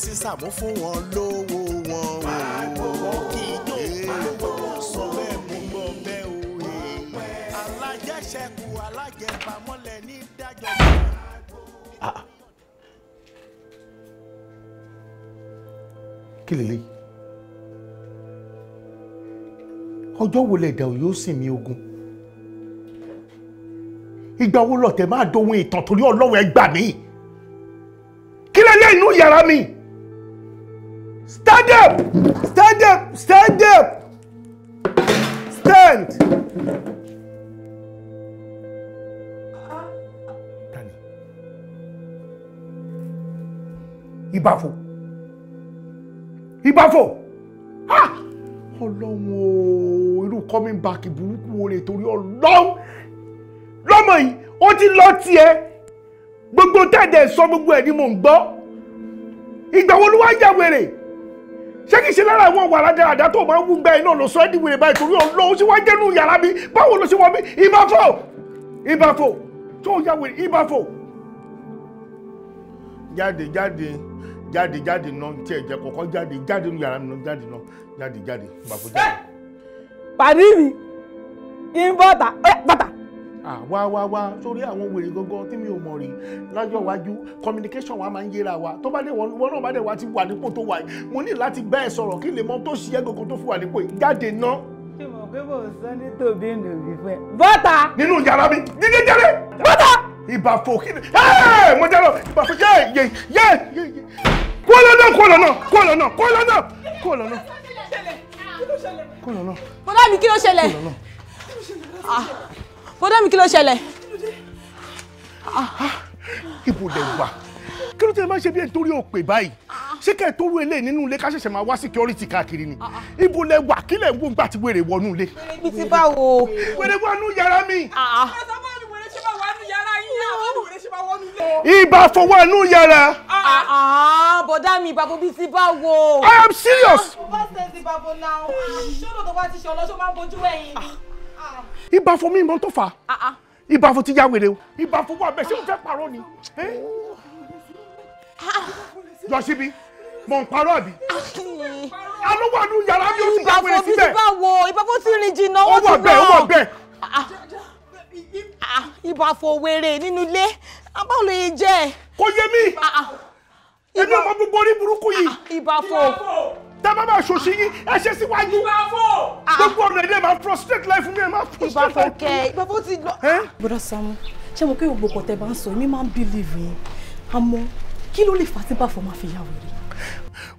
sí sàmú fún wọn lówó wọn o. pàgbówó kí yóò pàgbówó sọ bẹ́ẹ̀ mú gbọ́ bẹ́ẹ̀ o. alájẹṣẹ́kù alájẹpamọ́lẹ̀ ní dájọ́. Ah. kí lè léyìí ọjọ́ wo lẹ̀dà ò yóò sìn mí ogun ìgbà wo lọ̀tẹ̀ máa dohun ìtàn torí ọlọ́wọ́ ẹ gbà mí kí lẹ́lẹ́ inú yàrá mi. Stand up! Stand up! Stand up! Stand! Tani. Ìbàfò. Ìbàfò. Ah! Ọlọ́run o, irú coming back burúkú wo lè torí Ọlọ́run. Lọ́mọ yìí, ó ti lọ tiẹ̀ gbogbo tẹ́ẹ̀dẹ̀ sọ gbogbo ẹ̀ ni mò ń gbọ́ ìgbà wo ló wá yà wèrè ṣé kìí ṣe lára àwọn wàrà dáadáa tó máa ń wú gbẹ iná lọ sọ ẹ́ dìwèrè báyìí torí ọ̀lọ́ ó sì wá jẹ́nu yàrá mi báwo ló ṣe wọ mí ìbáfò ìbáfò tó yà wèrè ìbáfò. jáde jáde jáde jáde náà tí ẹ jẹ kọkọ jáde jáde nu yàrá mi náà jáde náà jáde jáde ìbáfò jáde. pàdí mi ń bọ́ta bàtà àwa wa wa sórí àwọn wèrè gangan tí mi ò mọ̀ rí lájọ́ iwájú communication wa máa ń yẹra wa tó bá dé wọn náà bá dé wa ti wà nípò tó wà yìí mo ní láti bá ẹ sọ̀rọ̀ kí lè mọ tó ṣiyẹ́ gangan tó fi wà nípò yìí jáde ná. ṣé mo pé mo sọ ní tòbí ìlú mi fẹ́. bọ́tà. nínú yàrá mi jíjẹ jẹrẹ. bọ́tà. ìbà fò kí ni mo jẹ́ lọ ìbà fò yé yé yé kó lọ́nà kó lọ́nà kó lọ́nà kó lọ́nà kó lọ́nà kó lọ́nà. bọ́lá mi kí ló ṣẹlẹ̀? bọ́dá mi kí ló ṣẹlẹ̀. ibo lẹ wà kí ló tẹ máa ṣe bí ẹni torí òpè báyìí ṣé kẹ́ ẹ̀ tó rú eléyìí nínú ilé ká ṣẹ̀ṣẹ̀ máa wá security káàkiri ni ibo lẹ wà kí lẹ̀ ń wò ń gbà tí wèrè wọnú ilé. ibi tí bá wo. wèrè wọnú yàrá mi. ibà fọwọ́ inú yàrá. Ah, ah, ah. bọ̀dá mi ìbàbọ̀ bíi ti bá wo. I am serious. bá ṣe ti bàbọ̀ náà ṣọ́dọ̀ tó bá ti ṣọlọ́ṣọ́ máa ń bojú ẹ̀yìn ni ìbàfọ̀ mi mọ́ tó fà á ìbàfọ̀ ah, ah. ti ya wèrè o ìbàfọ̀ wà bẹ́ẹ̀ ṣé mo fẹ́ parọ́ ni yọ síbi mọ̀ n parọ́ àbí. alo ah. yàrá mi ó ti ya wèrè síbẹ̀. ìbàfọ̀ mi ti bá wo ìbàfọ̀ ti rìn jìnnà ó ti gbọ́. ó wà bẹ́ẹ̀ ó wà bẹ́ẹ̀. ìbàfọ̀ wèrè nínú ilé abáwo lè jẹ́. kò yé mi èmi ọmọ gbogbo orí burúkú yìí. ìbàfọ̀ tẹ bá máa ṣòṣì yín ẹ ṣe síwájú gbogbo ọ̀nà ilé máa frustrate life fún mi ẹ máa frustrate life fún mi. ìbáfọ́ ti lọ. bọ́dà Sàámú ṣé mo kí gbogbo ọkọ̀ tẹ bá ń sọ èmi máa ń believe yín àmọ́ kí ló lè fà tí báfọ̀ máa fi yà wèrè.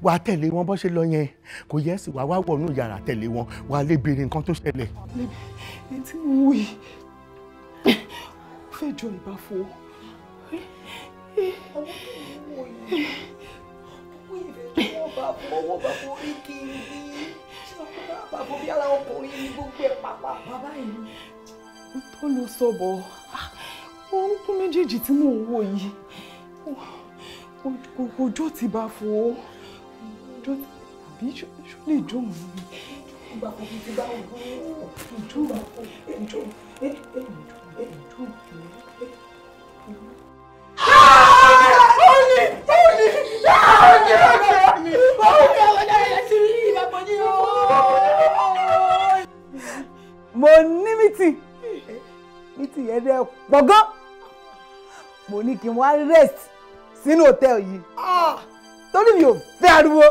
wàá tẹ̀lé wọn bó ṣe lọ yẹn kò yẹ sí wàá wá wọnú yàrá tẹ̀lé wọn wàá lè béèrè nǹkan tó ṣẹlẹ̀. ètí wù í fẹjọ ìbáfọ. ọmọ tó ń wọ yìí bàbá owó bàbá orí kiri bàbá bí ara ọkùnrin ni gbogbo ẹ̀ pàpà bàbá yìí. tó lọ sọ̀bọ̀ ah, orúkún méjèèjì tí mò ń wò yìí ọjọ́ ti bá fo ọjọ́ bí ṣó lè jó òun ni. ìgbà kò fi ti bá òun ojú ojú ojú ojú mi ṣáà ní ọkọ mi òun ni àwọn ọ̀dà rẹ̀ ti rí ìbàbọ̀ ní ooo. mo ní mítì mítì yẹn dẹ pọ̀ gan mo ní kí n wá rest sínú hòtẹ́ẹ̀lì yìí torí mi ò fẹ́ ariwo.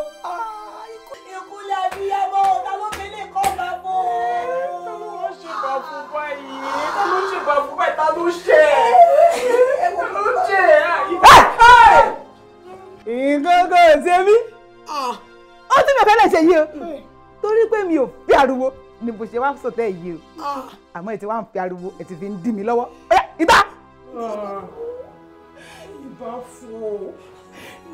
ikú lẹ́bi ẹ mọ́ ọ̀tá ló fi lè kọ́ bá bò ó. ta ló ń ṣèbà fún báyìí ta ló ń ṣèbà fún báyìí ta ló ṣe é. nǹkan kò ṣe mí ah. ó tún bẹ̀rẹ̀ lè ṣe yìí o hmm. torí pé mi ò fi ariwo ni mo ṣe wá sọtẹ́ yìí o ah. àmọ́ ẹ ti wá ń fi ariwo ẹ ti fi ń dì mí lọ́wọ́ ọ̀yà ìbá. Ah. ìbá fò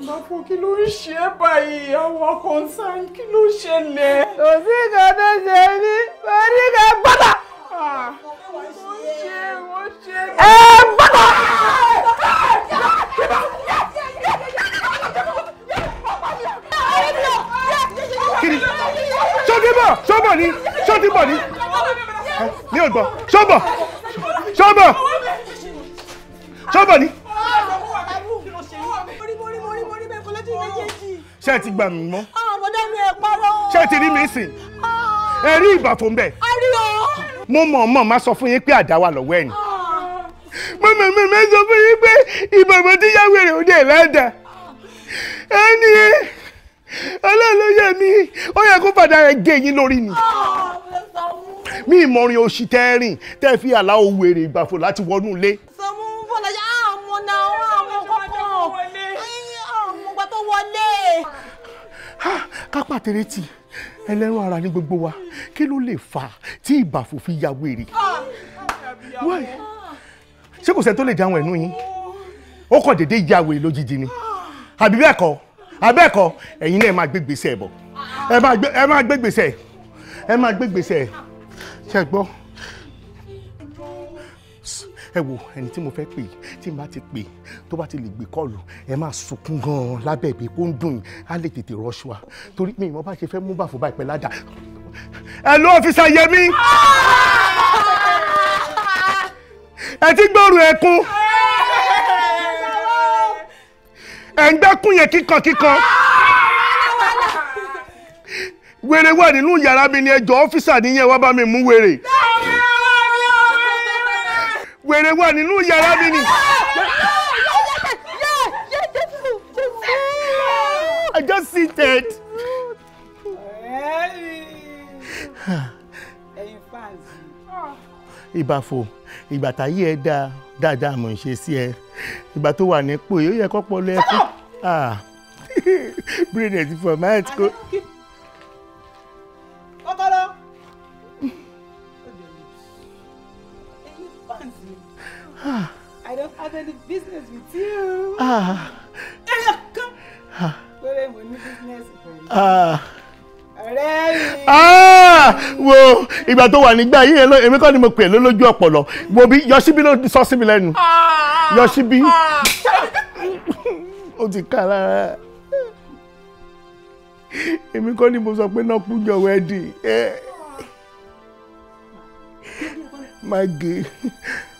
ìbá fò kí ló ń ṣe é báyìí àwọn concern kí ló ń ṣẹlẹ̀. kò sí nǹkan tó ṣe mí mo ní ká gbọ́dọ̀. mo ṣe mo ṣe. ẹ gbọ́dọ̀. kiri ṣọ́díbọ̀ ṣọ́bọ̀ ni ṣọ́díbọ̀ ni ní ògbọ́ ṣọ́bọ̀ ṣọ́bọ̀ ṣọ́bọ̀ ni. ṣé ẹ ti gbà mí mọ́. ọmọdé mi ẹ parọ́. ṣé ẹ ti rí mi sìn. ẹ rí ìbà tó ń bẹ. a rí o. mo mọ̀ ọ́n mọ̀ má sọ fún yín pé àdá wà lọ́wọ́ ẹ̀ ni. mo mọ̀ mọ̀ má sọ fún yín pé ìbàmọ́ tíyàwó rẹ̀ ò dé ládàá. ẹni ọlọ́lọ́yẹ mi ó yẹ kó padà rẹ̀ gé yín lórí ni. mi ìmọ̀rin oṣù tẹ́ rìn tẹ́ fi àlá òwú èrè ìgbàfọ̀ láti wọnú ilé. sọmú fọlájà àmọ́ náà wọ́n àmọ́ kọ̀ọ̀kan àmọ́ gbà tó wọlé. kápá tèrè tì ẹlẹ́rù ara ní gbogbo wa kí ló lè fà á tí ìbàfọ̀ fi ya wèrè. ṣé kò sẹ́ni tó lè dáhùn ẹ̀nú yín ó kàn déédéé ya wèrè lójijì ni àbí bẹ́ẹ̀ kọ́ abẹ́ẹ̀kọ́ ẹ̀yin náà ẹ máa gbé gbèsè ẹ̀ bọ̀ ẹ máa gbé gbèsè ẹ̀ ẹ máa gbé gbèsè ẹ̀ ṣe gbọ́ ẹ wo ẹni tí mo fẹ́ pè tí n bá ti pè tó bá ti lè gbé kọ́ọ̀lù ẹ máa sunkún gan-an lábẹ́ ìgbé kó ń dùn yín á lè tètè rọ́ṣù wa torí mi ìmọ̀ bá ṣe fẹ́ mú bàfọ́ bá ìpẹ́ ládàá ẹ ló ọ́fíìsà Yẹmí ah! ẹ ti gbóòrò ẹkún. ẹ̀ ń gbẹ́kùn yẹn kíkan kíkan wèrè wà nínú yàrá mi ni ẹjọ́ ọ́fíìsà nìyẹn wá bá mi mú wèrè wèrè wà nínú yàrá mi ni. I just seated. Ìbàfò ìgbà táyé ẹ dáa dáadáa mò ń ṣe sí ẹ ìgbà tó wà nípò yìí yẹ kọ́pọ̀ lọ ẹ fún ah. brain ti fọ̀ máa ti kó. kọ́kọ́rọ́ ah. I don't have any business with you. Ah. Ah ọ̀rẹ́ mi. Ah, wo ìgbà tó wà nígbà yìí èmi kọ́ ni mo pè é lójú ọpọlọ wo bí yọsíbí ló sọ sí mi lẹ́nu ah, ah, yọsíbí ó ti ká lára èmi kọ́ ni mo sọ pé náà kújọ wẹ́ẹ̀dì má gé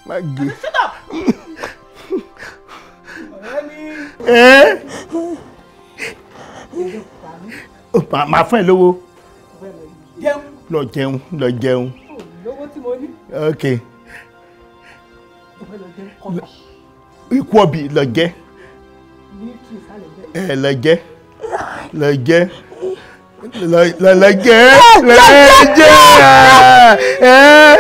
má gé. ọ̀rẹ́ mi. ó pa fún ẹ lówó lọ jẹun lọ jẹun. lówó tí mo ní. ok. ikú ọbì lọ jẹ. ẹ lọ jẹ lọ jẹ lọ jẹ lọ jẹ ẹ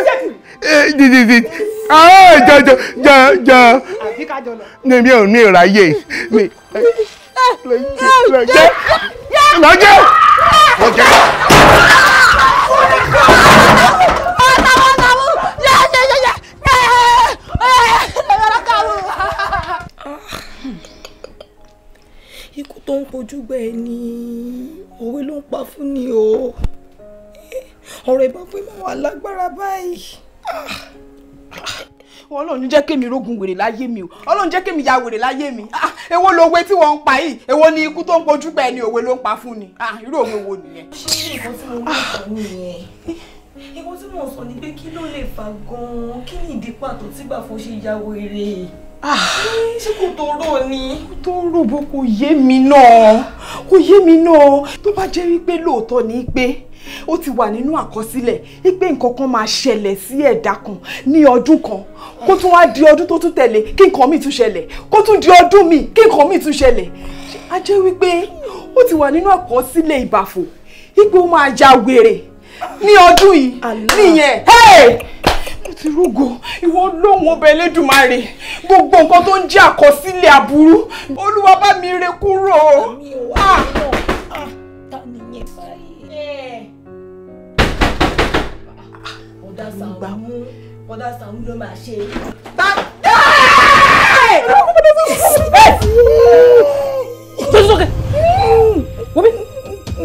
ẹ didi jọ jọ jọ jọ ní mi ò ní ìráyè lọ jẹ lọ jẹ. kémi rógun wèrè láyé mi o ọlọ́run jẹ́ kémi ya wèrè láyé mi ah èwo lo òwe tí wọ́n ń pa yìí èwo ni ikú tó ń pojú pẹ́ ni òwe ló ń pa fún ni ah irú òwe wo nìyẹn. ṣé nǹkan tí mo ń sọ nìyẹn nǹkan tí mo sọ ni pé kí ló lè fa gan-an kí ni ìdí pàtó tígbà fún ṣe ya wèrè ah. eh, ṣé kò tó rò ni. kò tó rò bó kò yé mi náà kò yé mi náà tó bá jẹ́ wípé lóòótọ́ ni pé ó ti wà nínú àkọsílẹ̀ pé nǹkan kan máa ṣẹlẹ̀ sí ẹ̀dá kan ní ọdún kan kó tún wá di ọdún tó tún tẹ̀lé kí nǹkan míì tún ṣẹlẹ̀ kó tún di ọdún míì kí nǹkan míì tún ṣẹlẹ̀ a jẹ́ wípé ó ti wà nínú àkọsílẹ̀ ìbàfò pé ó máa ja wèrè ní ọdún yìí nìyẹn mo ti rúgò ìwọ lóhùn ọbẹ̀ Elédùmarè gbogbo nǹkan tó ń jẹ́ àkọsílẹ̀ aburú Olúwa bá mi rẹ́ kúrò. àmì ò náà. gbà mú sàmú ló máa ṣe. sọ́sọ́kẹ́ wọ́n mi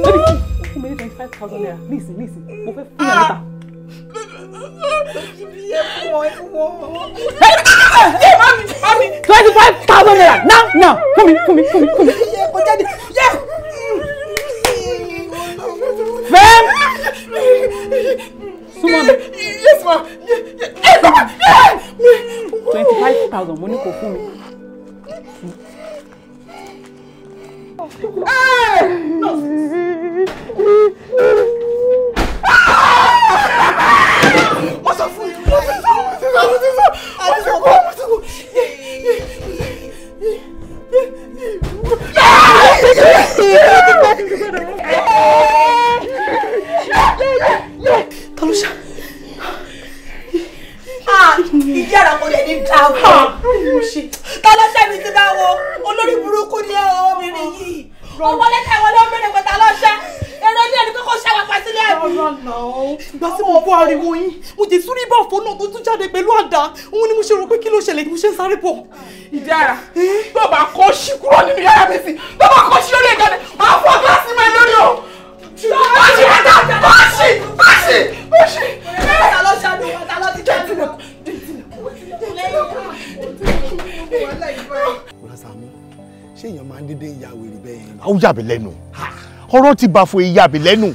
baby two minute twenty five thousand naira listen listen mo fẹ́ fún yàrá ta. Hey, mami, mami. Twenty-five thousand naira now, now. Fún mi, fún mi, fún mi, fún mi. Yẹ kó jáde, súnmọ́ yes ma yes ma yes. twenty five thousand money for kò fún sáré bọ̀ ìdára tó bá kọ́ sí kúrò nínú yàrá mi sí tó bá kọ́ sí ó lè jáde máa fọ́ gíláàsì mọ́ lórí o. báṣì bàtà báṣì báṣì báṣì. bàtà lọ ṣàdùn bàtà lọ ti jáde lọ. Ọ̀làsàmú ṣé èèyàn máa ń dédé ìyá wèrè bẹ́ẹ̀ yẹn. àwọn yàbí lẹ́nu ọ̀rọ̀ ti bàfo ìyàbí lẹ́nu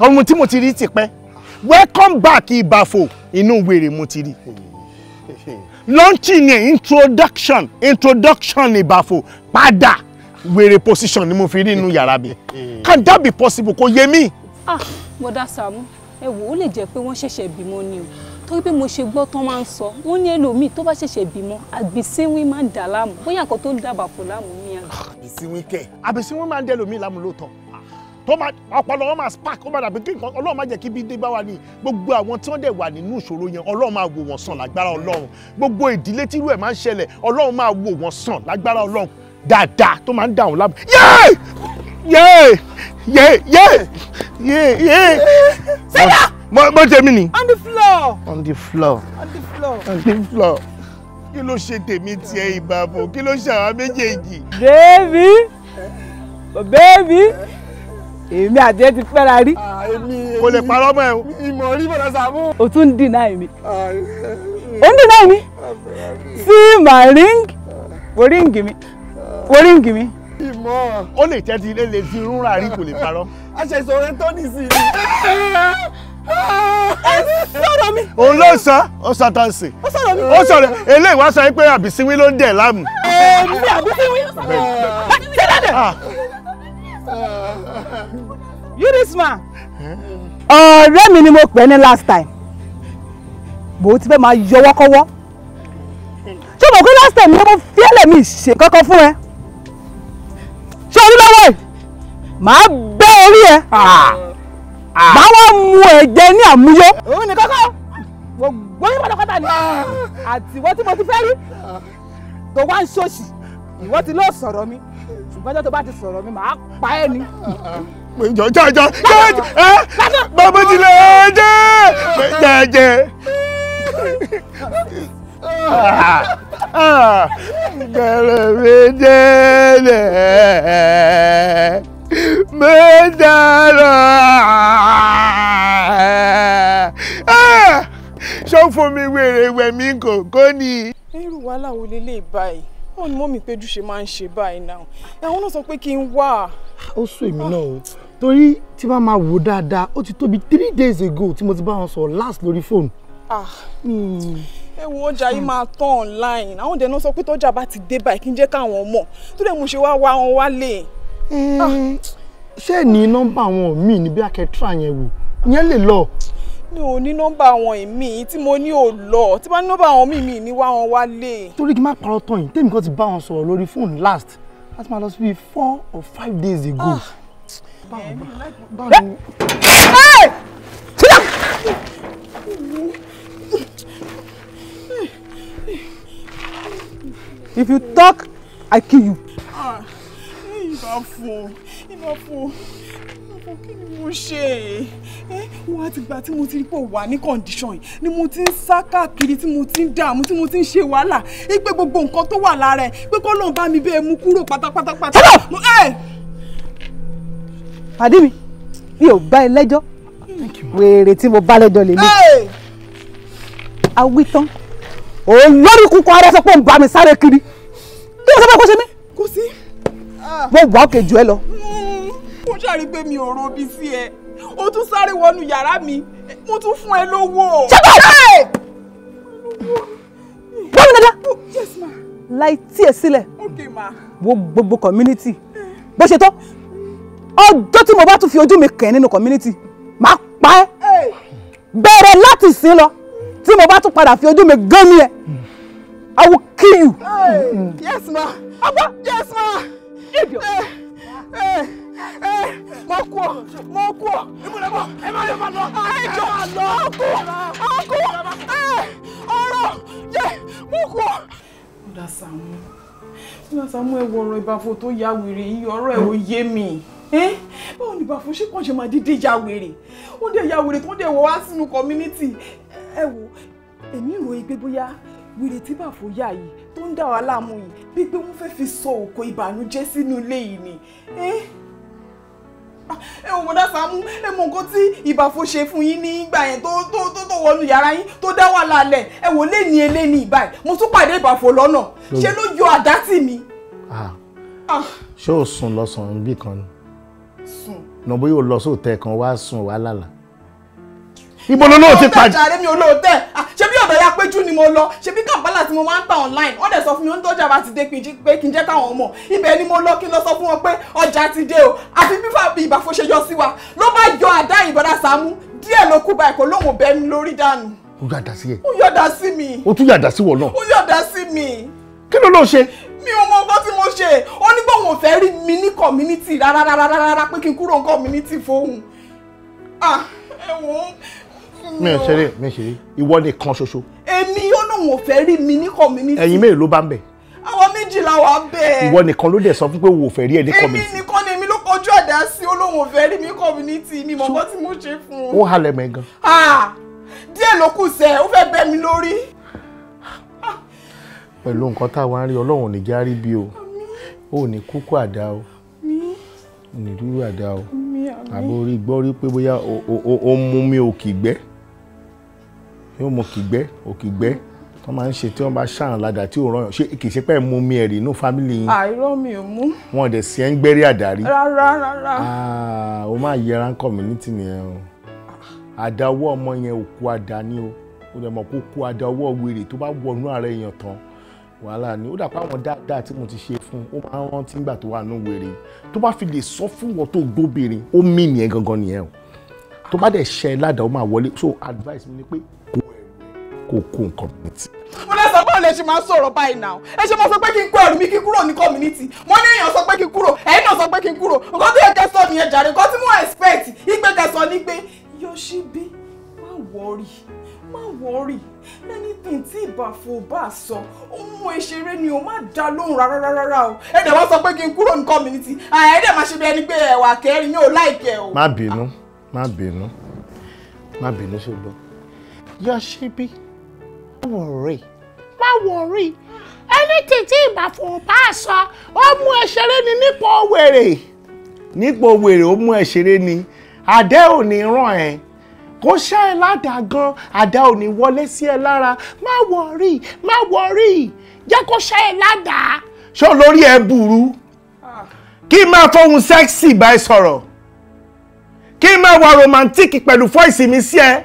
ọmọ tí mo ti rí ti pẹ́ welcome back ìbàfo inú wèrè mo ti rí launching yẹn introduction introduction ìbàfò padà wèrè position ni mo fi rí inú yàrá mi can that be possible kò yé mi. ah bọ́dà Sàámú ẹ wò ó lè jẹ́ pé wọ́n ṣẹ̀ṣẹ̀ bímọ ni o torí pé mo ṣe gbọ́ tán máa ń sọ wọ́n ní ẹlòmíì tó bá ṣẹ̀ṣẹ̀ bímọ àgbèsíwín máa ń dà láàmú bóyá nǹkan tó ń dábàá fò láàmú ní àná. àgbèsíwín kẹ àgbèsíwín máa ń dẹ ẹlòmíì láàmú lóòótọ́ tó máa ọpọlọ wọn máa spark ó máa dàbí kí nǹkan ọlọ́run máa jẹ́ kí ibi dé bá wa ní gbogbo àwọn tí wọ́n dẹ̀ wà nínú ìṣòro yẹn ọlọ́run máa wò wọ́n sàn lágbára ọlọ́run gbogbo ìdílé tí irú ẹ̀ máa ń ṣẹlẹ̀ ọlọ́run máa wò wọ́n sàn lágbára ọlọ́run dáadáa tó máa ń dà wọ́n lábọ̀ yéé yéé yéé yéé yéé yéé. sẹ́dá. mo mo ni. on the floor. on the floor. on the floor. on the floor kí ló ṣe tèmi tiẹ̀ ìbàbọ̀ kí ló ṣe àwọn méjèèjì. bẹ́ẹ̀bí bẹ́ẹ̀bí èmi àti ẹ ti fẹ́ra rí. kò lè parọ́ mọ́ ẹ o. ìmọ̀ rí bọ̀dọ̀ Sàámú. o tún ń deny mi. o ń deny mi. see my ring wo ríǹgì mi wo ríǹgì mi. ìmọ̀. ó lè jẹ́ ti ilé lè ti rúnra rí kò lè parọ́. a ṣe ìṣòro tó ní sí i. ẹ sọ̀rọ̀ mi. òun ló sọ ó sọ tó ń sè. ó sọ̀rọ̀ mi. ó sọ̀rọ̀ eléyìí wá sọ pé àbísíwí ló ń dẹ̀ láàmú. èmi àbísíwí. sílẹ̀ dẹ̀ you this man. ọ̀rẹ́ mi ni mo pè ní last time bò ó ti fẹ́ máa yọwọ́ kọ́wọ́ ṣé mo kí last time ni mo fi ẹlẹ́ mi ṣe kankan fún ẹ ṣé o ní lọ́wọ́ ẹ̀ màá bẹ́ orí ẹ̀ màá wá mu ẹ̀jẹ̀ ní àmúyó. òun ni kọ́kọ́ gbogbo yín pátápátá ni àtiwọ́ tí mo ti fẹ́ rí tó wá ń ṣòṣì ìwọ ti lọ sọ̀rọ̀ mi ṣùgbọ́n tó bá ti sọ̀rọ̀ mi màá pa ẹ́ ni. jọ jọ jọ jọ ẹ bàbá ti lè jẹ jẹ jẹ. Kẹ̀lẹ́ mi jẹ́ lẹ̀ mi dára. Ṣọ́ fún mi wèrè wẹ̀mí kòkó ni. Irú wàhálà wo lélẹ́yìí báyìí? báwo ni mọ́mí péjú ṣe máa ń ṣe báyìí náà àwọn náà sọ pé kí n wá. ó sún èmi náà o torí tí bá máa wò dáadáa ó ti tóbi three days ago tí mo ti bá wọn sọ last lórí fóònù. Ah. Hmm. ẹ wo ọjà yìí máa tán online àwọn ọdẹ náà sọ pé tọ́jà bá ti dé báyìí kí n jẹ́ káwọn mọ̀ tó lè mú ṣe wá wá wọn wálé. Eh, ṣé ẹ ní nọ́mbà àwọn míì níbi akẹ́tọ́ àyẹ̀wò ìyẹn lè lọ mi ò ní nọ́mbà àwọn ìmí tí mo ní ò lọ tí bá ní nọ́mbà àwọn míì ní wá wọn wálé. torí kí n má parọ́ tán yìí tèmi kan ti bá wọn sọ̀rọ̀ lórí fóònù last láti máa lọ sí four or five days ago. Ah. if you talk i kill you. ah fún ibà fún fún kí ni mo ṣe ẹ wọn àti ìgbà tí mo ti rí pé ó wà ní kọ̀ǹdíṣọ̀n yìí ni mo ti ń sá káàkiri tí mo ti ń dààmú tí mo ti ń ṣe wàhálà ẹ pé gbogbo nǹkan tó wà lára ẹ pé kó lóun bá mi bẹ́ẹ̀ mú kúrò pátápátá pátá. pàdé mi mi ò bá ẹ lẹ́jọ́ wèrè tí mo bá lẹ́jọ́ lèmi awítán olórí kúkọ ara sọ pé ń bá mi sáré kiri kí ló sọ pé kó ṣe mí. kò sí. Ah! mo wà ó kejì ẹ lọ ṣàrí pé mi ò robi sí ẹ o tún sáré wọnú yàrá mi mo tún fún ẹ lówó. ṣẹ́gbẹ́ báwo ni dada. yes ma. láì tí ẹ sílẹ̀. ok ma. wo gbogbo community bó ṣe tọ́ ọjọ́ tí mo bá tún fi ojú mi kàn nínú community máa pa ẹ́ bẹ̀rẹ̀ láti sin lọ tí mo bá tún padà fi ojú mi gán mi ẹ I will kill you. Hey, yes ma. Aba. yes ma. Idiot. Hey, hey mo kú ọ mo kú ọ ẹ má lè má lọ ẹ jọ ọ kú ọ kú ọ̀rọ̀ yẹ mo kú ọ. ó dá Sàámú ó dá Sàámú ẹ wọ ọ̀rọ̀ ìbàfọ tó yá wèrè yìí ọ̀rọ̀ ẹ ò yé mi báwo ni ìbàfọ ṣé kàn ṣe máa dídé ya wèrè ó dé ya wèrè tó dé wọ wá sínú community ẹ wo èmi ìròyìn pé bóyá wèrè tí bàfọ yá yìí tó ń dà wá láàmú yìí bí pé wọ́n fẹ́ fi sọ òkò ìbànújẹ́ sínú ilé yìí ni. Eh? ẹ ò bọ̀dá Sàámú ẹ mọ nǹkan tí ìbàfo ṣe fún yín nígbà yẹn tó tó tó tó wọnú yàrá yín tó dá wà lálẹ́ ẹ wò lé ní elé ní ìbá ẹ mo tún pàdé ìbàfo lọ́nà ṣe ló yọ àdá tì mí. Ah. ṣé o sùn lọ sùn níbì kan ni. sùn. nà bóyá o lọ sóòtẹ́ kan wá sùn wá lálàá ibo ló lóò ti pàdé. ọ̀tẹ̀ mi ò lóò tẹ̀ ah, ṣé bí ọ̀dọ̀ ya péjú ni mo lọ ṣé bí kàmpálà tí mo máa ń gbà online wọ́n dẹ̀ sọ fún mi ó ń tọ́jà bá ti dé pé kí n jẹ́ káwọn mọ̀ ibẹ̀ ni mo lọ kí n lọ sọ fún wọn pé ọjà ti dé o àfi fífà bí ìbàfo ṣe yọ sí wa ló bá yọ àdá ìbọ̀dá Sàámú díẹ̀ ló kú báyìí kò lóun bẹ́ mi lórí dànù. ó yàdá sí ẹ. ó yàdá sí mi. ó tún yàdá sí wọ náà. ó yàdá sí mi. kí ló ló ṣe mi ò mọ nǹkan tí mo ṣe ó ní bóun ò fẹ́ rí mi ní community rárá rárá rárá pé kí n kúrò ní community fóun. Ah, ẹ wò ó mi ò ṣeré mi ò ṣeré ìwọ nìkan ṣoṣo. èmi olóhùn ò fẹ́ rí mi ní community. ẹ̀yin mélòó ló bá ń bẹ̀. àwọn méjìlá wà bẹ́ẹ̀. ìwọ nìkan ló dẹ̀ sọ fún pé wò ó fẹ́ rí ẹ ní community. èmi nìkan ni èmi ló kọjú àdá sí olóhùn ò fẹ́ rí mi ní community mi mọ̀ bọ́ tí mo ṣe fún un. ó halẹ̀ mẹ́ gan. díẹ̀ ló kù sẹ́ ó fẹ́ bẹ́ mi lórí. pẹ̀lú nǹkan tá a wá ń rí ọlọ́run ò ní já rí bí o ò ní kúkú àdá o ò ní dúró àdá o àbórí gbọ́ rí pé bóyá ó mú mi ò kì í gbẹ́ yóò mú kìgbẹ́ òkìgbẹ́ tó máa ń ṣe tí wọ́n bá ṣàrùn ládà tí ò rọyàn ṣé kì í ṣe pé ẹ̀ mú mi ẹ̀rì inú fámìlì yín. àìrọ́ ah, mi ò mú. wọn dẹ̀ sí ẹ́ ń gbẹ́rí àdárí. rárá rárá. Ah, o máa yẹra ń community nìyẹn o àdáwọ́ ọmọ yẹn ò kú àdá ni o o dẹ̀ mọ̀ kó kú àdáwọ́ wèrè tó bá wọnú ààrẹ èèyàn tán wàhálà ni ó dàpọ̀ àwọn dáadáa tí mo ti ṣe fún ó máa ń rántí nígbà tó wà nú wèrè tó bá fi lè sọ fún wọn tó gbóbìnrin ó mì nìyẹn gangan nìyẹn o tó bá dẹ̀ ṣe ládàá ó máa wọlé so advice mi ni pé kó kó kó nǹkan mi ti. mo lè sọ pé olè ṣe máa ń sọ̀rọ̀ báyìí náà ẹ ṣe mo sọ pé kí n kó ẹrù mi kí n kúrò ní community mo ní èèyàn sọ pé kí n kúrò ẹ̀yin náà sọ pé kí n kúrò nǹkan tó yẹ kẹ́ sọ nìyẹn jàre nǹkan tí mo expect ìgbé kẹ́ sọ ni pé Yoshibi má wọrí má wọrí anything tí ìbàfọ̀ bá sọ ohun ìṣeré ni o má dá lóhùn rárá rárá o ẹ dẹ̀ wá sọ pé kí n kúrò ní community ẹ dẹ̀ máa ṣe bí ẹni pé ẹ̀wà kẹrin mi ò láìkẹ́ o. má bínú má bínú má bínú ṣùgbọ́n yọ ṣíbí má wọ̀rí má wọ̀rí anything tí ìbàfọ̀ bá sọ ó mú ẹ ni nípò wèrè nípò wèrè ó mú ẹ ni àdé ò ní ràn ẹ́ kò ṣá ẹ ládàá gan àdá ò ní wọlé sí ẹ lára má wọ̀rí má wọ̀rí jẹ́ kó ṣá ẹ ládàá. ṣó lórí ẹ burú ah. kí n máa fọhùn sẹ́ẹ̀sì bá sọ̀rọ̀ kí n máa wà romantic pẹ̀lú fọ́ìsì mi sí ẹ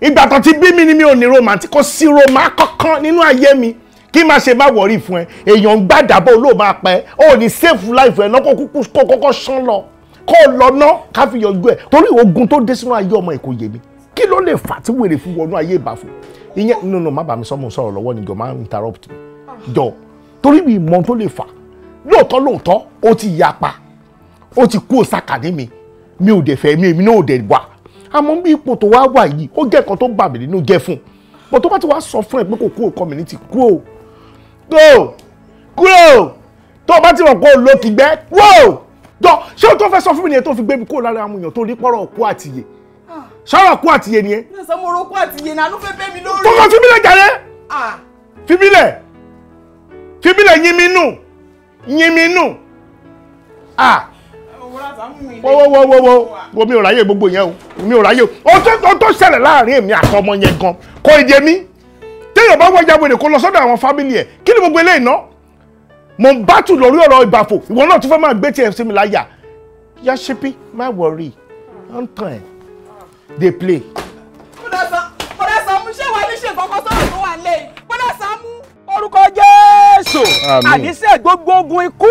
ìgbà ti bí mi ni mi ò ní romantic kò sí roma kankan nínú ayé mi kí má ṣe má wọ̀rí fún ẹ èèyàn ń gbàdàbọ̀ ló máa pẹ́ ó ní safe life ẹ̀ lọ́kọ̀ kúkú kó kọ́kọ́ sán lọ kó lọ ná ká fi yọjú ẹ̀ torí ogun tó dé sínú ayé ọmọ ẹ̀ kò yé mi kí ló lè fà tí wèrè fi wọnú ayé ìbàfọ̀ ìyẹn no no má bà mí sọ́mọ̀ sọ̀rọ̀ lọ́wọ́ ni jọ máa ń interrupt mi jọ torí mi mọ tó lè fà lóòótọ́ lóòótọ́ ó ti yapa ó ti kú òsàkàdé mi mi ò dẹ̀ fẹ́ mi èmi náà ò dẹ̀ wà àmọ́ bí ipò tó wá wà yìí ó jẹ́ nǹkan tó bà mí nínú jẹ́ fún un bọ̀ tó bá ti wá sọ fún ẹ pé kò kúrò community kúrò kúrò kúrò tó o bá ti rọ̀ kó o lo kìgbẹ́ kúrò jọ ṣé o tó fẹ́ sọ fún mi nìyẹn tó fi gbé mi kúrò lára àwọn èèyàn tó rí pọ́rọ̀ kú àtìyè ah. ṣọ́rọ̀ kú àtìyè nìyẹn. ṣé mo ro kú àtìyè náà ló fẹ́ bẹ́ mi lórí. tó kọ́ fi mí lẹ̀ jàre ah. fi mí wọ́wọ́wọ́wọ́ wo mi ò ráyè gbogbo yẹn o mi ò ráyè o tó ṣẹlẹ̀ láàrin èmi àtọmọ yẹn gan kò ìdè mi téèyàn bá wọ́jà wèrè kó lọ sọ́dọ̀ àwọn fámìlì ẹ̀ kí ni gbogbo eléyìí ná mo ń bá tù lórí ọ̀rọ̀ ìbàfò ìwọ náà tún fẹ́ máa gbé tiẹ̀ sí mi láyà yá ṣípí má wọrí ń tàn ẹ̀ dey play. kódà Sàámú ṣé wàá ní ṣe kọ́kọ́ sọ̀rọ̀ tó wà lẹ́yìn kódà Sàámú orúkọ jẹ́ jésù àníṣe gbogbo ogun ikú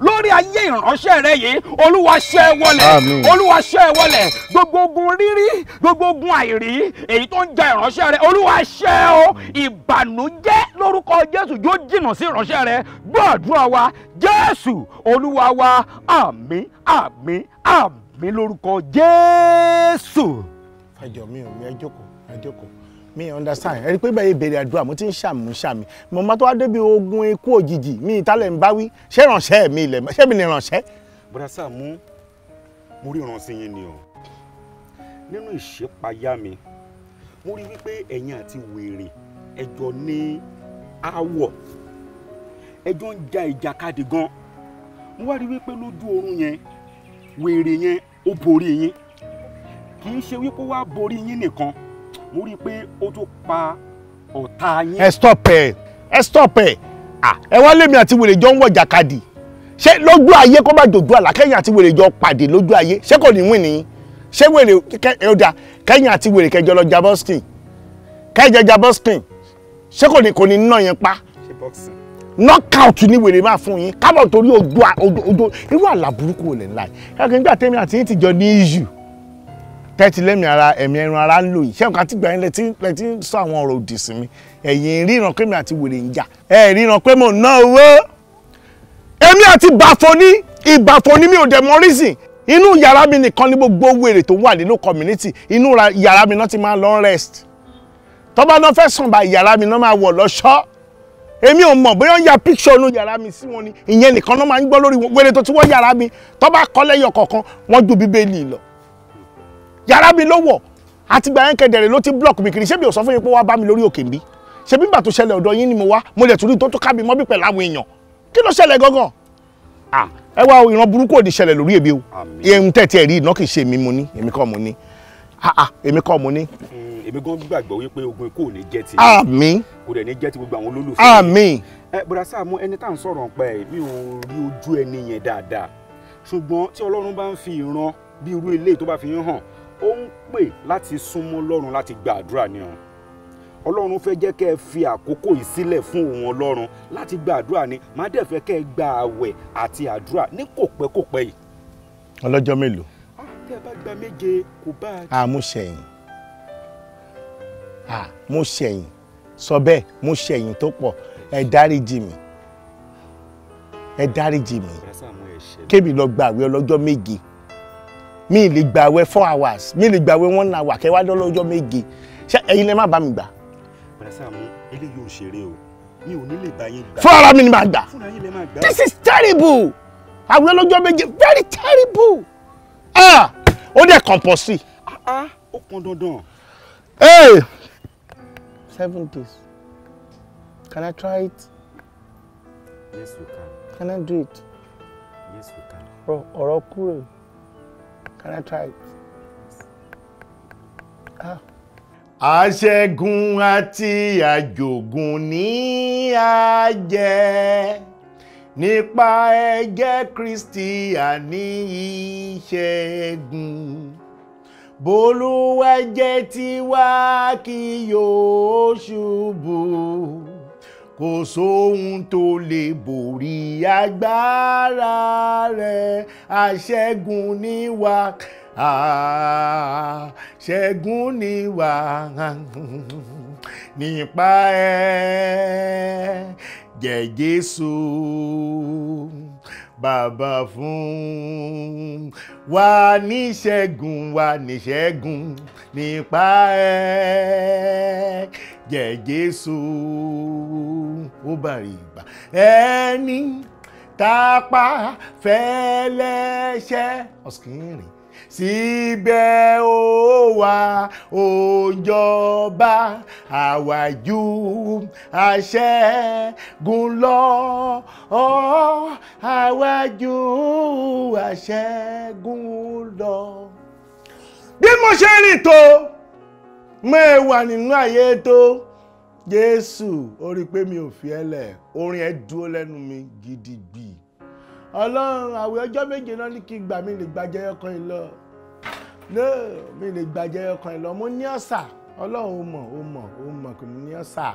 lórí ayé ìránṣẹ́ rẹ yìí olúwa ṣẹ́ ẹ wọlẹ̀ olúwa ṣẹ́ ẹ wọlẹ̀ gbogbo ogun rírí gbogbo ogun àìrí èyí tó ń ja ìránṣẹ́ rẹ olúwa ṣẹ́ ọ ìbànújẹ́ lórúkọ jésù yóò jìnnà sí ìránṣẹ́ rẹ gbọ́dúrà wa jésù olúwa wa àmín àmín àmín lórúkọ jésù. ẹ jọ mi ò ní ẹ jókòó ẹ jókòó mi understand ẹ rí i pé bẹ́ẹ̀ bèrè àdúrà mo ti ń ṣàmì ṣàmì mo máa tó wá débi ogun ikú òjijì mi ìtàlẹ̀ ń báwí ṣé ìrànṣẹ́ mi ilẹ̀ ṣé mi lè ránṣẹ́. bọ́dà Sàámú mo rí ìrànṣẹ́ yín ni o nínú ìṣípayá mi mo rí wípé ẹ̀yin àti wèrè ẹjọ́ ní áwọ̀ ẹjọ́ ń ja ìjàkadì gan mo wá rí wípé lójú oorun yẹn wèrè yẹn ó borí yín kì í ṣe wípé wá borí yín nìkan mo rí i pé ó tún pa ọ̀tá yín. ẹ stop ẹ ẹ stop ẹ ẹ wá lèmi àti wèrè jọ ń wọ jàkadì ṣé lójú ayé kó má dòdú àlá kẹ́yìn àti wèrè jọ pàdé lójú ayé ṣé kò ní wìn ní ṣé wèrè ọjà kẹ́yìn àti wèrè kẹjọ lọ jaboskin kẹjọ jaboskin ṣé kò ní kò ní ná yẹn pa knockout ni wèrè máa fún yín kábọ̀ torí ojú ojú irú àlá burúkú ò lè ńlá yìí kí gbà tẹ́mi àti yín ti jọ ní issue tẹ́tí lẹ́mìí ara ẹ̀mí ẹran ara ń lò yìí ṣẹ́yìn kan ti gbà yín lẹ́tí lẹ́tí ń sọ àwọn ọ̀rọ̀ òdì sí mi ẹ̀yìn ríran pé mi àti wèrè ń jà ẹ̀ ríran pé mo ná owó èmi àti bàfọ́ní ìbàfọ́ní mi ò dẹ̀ mọ reason inú yàrá mi nìkan ni gbogbo wèrè tó wà nínú community inú yàrá mi náà ti máa lọ rest tọ́ba náà fẹ́ sàn bá yàrá mi náà máa wọ̀ lọ́ṣọ́ èmi ò mọ̀ bóyá ń ya píkṣọ̀ inú yàrá mi sí wọn ni ìyẹn nìkan náà máa ń gbọ́ lórí wẹ́rẹ́ tó ti wọ́ yàrá mi tọ́ba kọ́lẹ́yọ̀ kọ̀ọ̀kan wọ́n ju bíbélì lọ yàrá mi ló wọ̀ àtìgbà yẹn kẹdẹ̀rẹ̀ ló ti block mi kiri ṣé mi ò sọ fún yín pé wàá bá mi lórí òkè mi ṣé bí gbà tó ṣẹlẹ̀ ọ̀dọ̀ yín ni mo wá mo lè tún rí tó tó ká mi mọ́ bí pẹ̀lú àwọn èèyàn kí ló ṣẹlẹ̀ gangan ah ẹ wá o ìran burúkú òde ṣẹlẹ̀ lórí èmi o ẹ̀hún tẹ̀tẹ̀ rí iná kì í ṣe èmi mo ní èmi kọ́ mo ní ah ah èmi kọ́ mo ní. èmi gan gbàgbọ́ wípé ogun ikú ò ní jẹ́ ti. àmín kò dẹ̀ ní jẹ́ ti gbogbo àwọn olólùfẹ́. àmín. ẹ bùrọ̀dá Sàámú ẹni tá à ń sọ̀rọ̀ pa mi ò rí ojú ẹni yẹn dáadáa ṣùgbọ́n tí Ọlọ́run bá ń fi ìran bí irú eléyìí tó bá fi ń hàn ó ń pè láti súnmọ́ ọlọ́run láti gba àdúrà ní ọ̀run ọlọ́run fẹ́ jẹ́ kẹ́ ẹ fi àkókò yìí sílẹ̀ fún òun ọlọ́run láti gba àdúrà ni màá dẹ̀ fẹ́ kẹ́ ẹ gba àwẹ̀ àti àdúrà ní kò pẹ́ kò pẹ́ yìí. ọlọ́jọ́ mélòó. Ah, tí a bá gba méje kò bá a. a ah, mú sẹ́yìn a ah, mú sẹ́yìn sọ bẹ́ẹ̀ mú sẹ́yìn tó pọ̀ ẹ dáríjì mi ẹ dáríjì mi kébì lọ gba àwẹ̀ ọlọ́jọ́ méje mi lè gbàwẹ̀ four hours mi lè gbàwẹ̀ one hour kẹwàá dọ́lọ́jọ́ méje ṣé ẹ̀yin lẹ má bá mi gbà. bàṣàmù eléyìí ò ṣeré o mi ò ní lè bá yín gbà. fúnra mi ni màá gbà this is terrible àwẹ̀ ọlọ́jọ́ méje very terrible ah ó dẹ̀ compulsory. ah ah ó pọn dandan. ee seven days can I try it. yes you can. can I do it. yes you can. ọ̀rọ̀ kúrò. Can I try it? Ah. àti àjògùn ni a jẹ́ nípa ẹ̀jẹ̀ Kristi àní ìṣẹ́gun. Bólúwa tiwa kí yóò ṣubú kò sóhun tó lè borí agbára rẹ̀ àṣẹ́gun ni wá àṣẹ́gun ni wá nípa ẹ̀jẹ̀ Jésù bàbá fún wa níṣẹ́gun wa níṣẹ́gun nípa ẹ̀jẹ̀ jẹ́ Jésù ó bàrì ìgbà ẹni tápá fẹ́lẹ́ṣẹ̀ ọ̀sìnkìrìn síbẹ̀ ó wà òjọba àwàjú àṣẹ́gun lọ ọ àwàjú àṣẹ́gun lọ. bí mo ṣe rìn tó mẹ́ẹ̀ wà nínú àyè tó jésù ó rí i pé mi ò fi ẹ́ orin ẹ̀ dúró lẹ́nu mi gidi gbì ọlọ́run àwẹ̀ ọjọ́ méje náà ní kí gbà mí lè gbàjẹ́ ọkàn yìí lọ mi lè gbàjẹ́ ọkàn yìí lọ mo ní ọ̀sà ọlọ́run ó mọ̀ ó mọ̀ ó mọ̀ kò ní ọ̀sà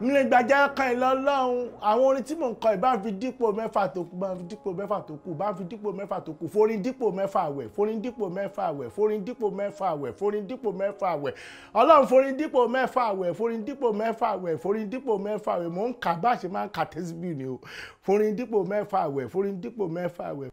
Mìlẹ̀gbàjà kan ìlọ́lọ́run àwọn orin tí mò ń kọ ẹ̀ bá fi dípò mẹ́fà tó kù bá fi dípò mẹ́fà tó kù bá fi dípò mẹ́fà tó kù forin dípò mẹ́fà àwẹ̀ forin dípò mẹ́fà àwẹ̀ forin dípò mẹ́fà àwẹ̀ forin dípò mẹ́fà àwẹ̀ ọlọ́run forin dípò mẹ́fà àwẹ̀ forin dípò mẹ́fà àwẹ̀ forin dípò mẹ́fà àwẹ̀ mò ń kà bá ṣe máa ń kà tẹ́síbì ni o forin dípò mẹ́fà àwẹ̀ forin dípò mẹ́fà àwẹ̀.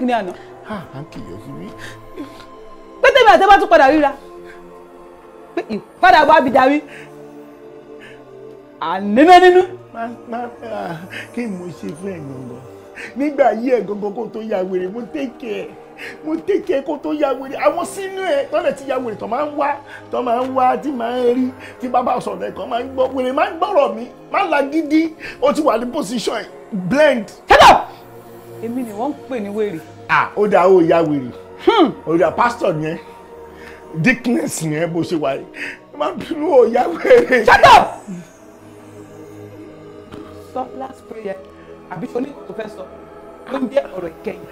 kìíní àná. àǹtí yọ sí mi. pé tèmi àti ẹ bá tún padà ríra pé ìpadà bá bìjà rí àníná nínú. kí mo ṣe fún ẹ̀ gbọ̀ngàn nígbà yí ẹ̀ gbọ̀ngàn kó tó ya wèrè mo tẹ́kẹ̀ ẹ̀ mo tẹ́kẹ̀ kó tó ya wèrè àwọn sínú ẹ̀ tọ́lẹ̀ ti ya wèrè tó máa ń wá tó máa ń wá tí máa ń rí tí bàbá sọ̀rọ̀ ẹ̀kan máa ń gbọ́ wèrè máa ń gbọ́rọ̀ mi máa la gidi ó ti wà ní position blend. kẹ́lọ̀ èmi ni wọ́n ń pè ní wèrè Ah. Ah, ó dà ó ya wèrè hmm. ó dà pásítọ̀ yẹn dickness yẹn bó ṣe wáyé má bínú ó ya wèrè. shut up. sọ last prayer àbí ṣe oníkó tó fẹ́ sọ ló ń jẹ́ ọ̀rọ̀ ìkẹyìn.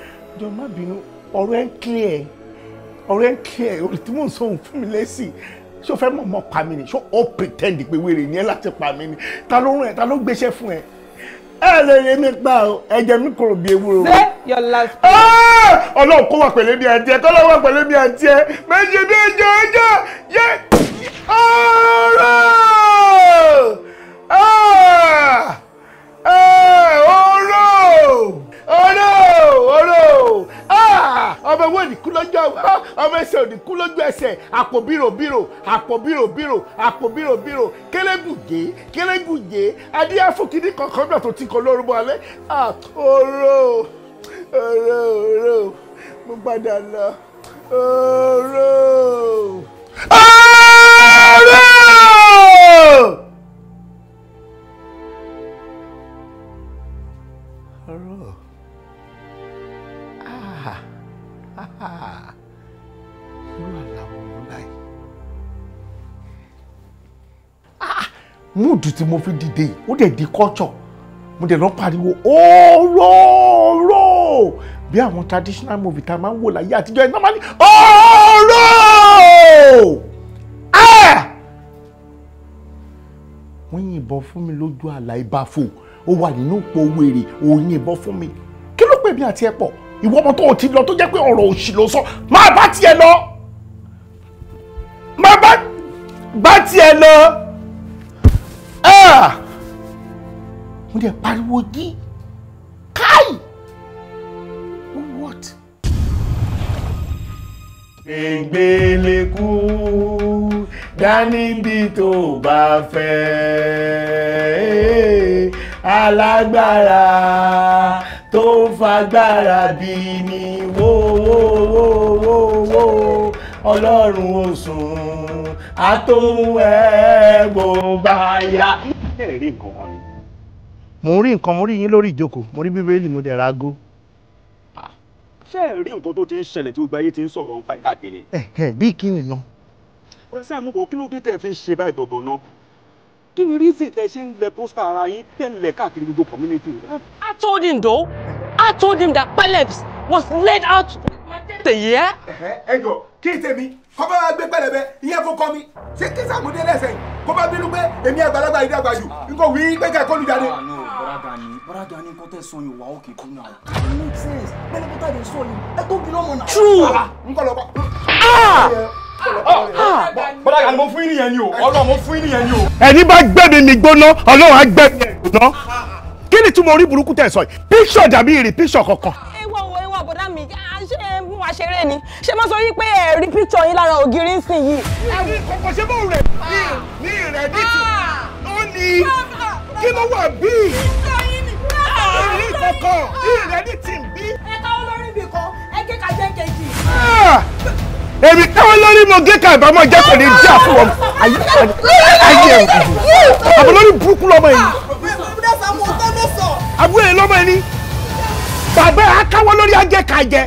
jọ má bínú ọ̀rọ̀ ẹ̀ ń clear ọ̀rọ̀ ẹ̀ ń clear ọ̀rọ̀ tí mò ń sọ òun fún mi lẹ́sìn ṣé o fẹ́ mọ̀ mọ́ pa mí ni ṣé o pretend pé wèrè ni ẹ láti pa mí ni ta ló rún ẹ ta ló gbéṣẹ́ fún ẹ ẹ lè rí mi pa o ẹ̀jẹ̀ mi kúrò bí ewúro. ṣé your last. Ah! ọlọ́run kó wà pẹ̀lú mi àti ẹ kọ́lọ́ wà pẹ̀lú mi àti ẹ méjì méjì àpò bíròbírò àpò bíròbírò àpò bíròbírò kélégùjé kélégùjé adíyàfókìdí kankan náà tó ti kọ lórúbọ alẹ́ àtòrò òrò òrò mo gbàdá lọ òrò. òrò. ọ̀rọ̀ ah ah. ah, ah. múùdù tí mo fi dìde ó dẹ̀ di culture mo dẹ̀ lọ pariwo ọ̀rọ̀ bí àwọn traditional movie tá a máa ń wò láyé àtijọ́ ẹ̀ normally ọ̀rọ̀ wọ́n yìnbọn fún mi lójú àlá ìbáfò ó wà nínú òpó wèrè òun yìnbọn fún mi kí ló pè mí àti ẹ̀ pọ̀ ìwọ ọmọ tó o ti lọ tó jẹ́ pé ọ̀rọ̀ òṣì ló sọ máa bá tiẹ̀ lọ máa bá tiẹ̀ lọ. mo dẹ̀ pariwo jí káì what. ègbélékù dání bí tó bá fẹ́ alágbára tó fagbára bí ni wó wó wó wó ọlọ́run ó àtòhún ẹ̀ bó bá yá. ẹ rí nǹkan ni mo ń rí nǹkan mo rí yín lórí ìjókòó mo rí bíbélì mo dẹ̀ ra ago. ṣé ẹ rí nǹkan tó ti ń ṣẹlẹ̀ tí gbogbo ayé ti ń sọ̀rọ̀ nípa ìkàkiri. bí kí ni náà. ọ̀rẹ́ sáà mo kò kí ló dé tẹ̀ fi ṣe báyìí gbọ̀ngàn náà kí ni reason tẹ ṣe ń lẹ pósítà ara yín tẹ̀lẹ̀ káàkiri gbogbo community. I told him though I told him that Peleps was laid out the year. ẹ jọ kí n tèmi kọ́ bá wa gbé pẹlẹbẹ ìyẹn kó kọ́ mi ṣé kí sàmúdé lẹ́sẹ̀ yìí kó bá bínú pé èmi àgbàlagbà yìí dàgbà jù n kò wí pé kẹ́kọ̀ọ́ lùjáde. Brother Gani, Brother Gani nǹkan tẹ́ sọ yìí wà It makes sense. Pẹ́lẹ́ kọ́tà lè sọ yìí. Ẹ tóbi lọ́mọ náà. True. Nǹkan ah, lọ bá. Ah! Ah! Brother Gani mo Ẹni bá gbẹ̀mí mi gbóná, Ọlọ́run á gbẹ̀mí ẹ̀ gbóná. Kí ni túmọ̀ orí burúkú tẹ̀ sọ yìí? Píṣọ̀ dàbí ìrì píṣọ̀ kankan. Ewa wo ewa bọ̀dá mi, ṣé mú wa ṣeré ni? Ṣé máa sọ wípé ẹ rí píṣọ̀ yín lára ògiri ń sìn yìí? Ẹ̀wù kọ̀kọ̀ bò rẹ̀ ní ìrẹ̀ ní ti ó ní kí ló wà bí. ìsọ yín ni. ìrí kankan ìrẹ́lì tì ń bí. ẹ káwọ́ lórí ibì kan ẹ gé ka jẹ́ kejì. Ah! èmi káwọ́ lórí mo gé ka ìbámu jẹ́ kò ní jà fún wọn ayé ayé àbọ̀ lórí burúkú lọ́mọ yìí. àbúrò yìí lọ́mọ yìí ni bàbá akáwọ́ lórí ajẹ́ ka jẹ́.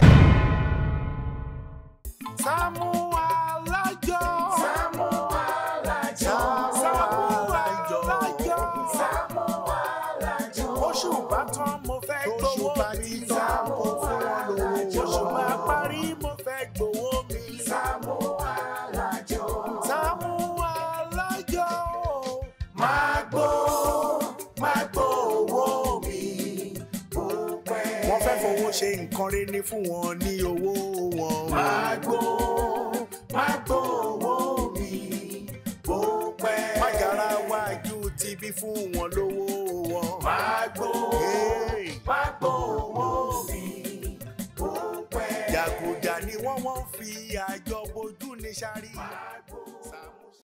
kọrin ní fún wọn ní owó wọn. Magbo, magbo owó mi, bó pẹ́. Májàra wájú ti bí fún wọn lówó wọn. Magbo, magbo owó mi, bó pẹ́. Jàgùjà ni wọ́n wọ́n fi àjọ bojú ní sáré. Magbo.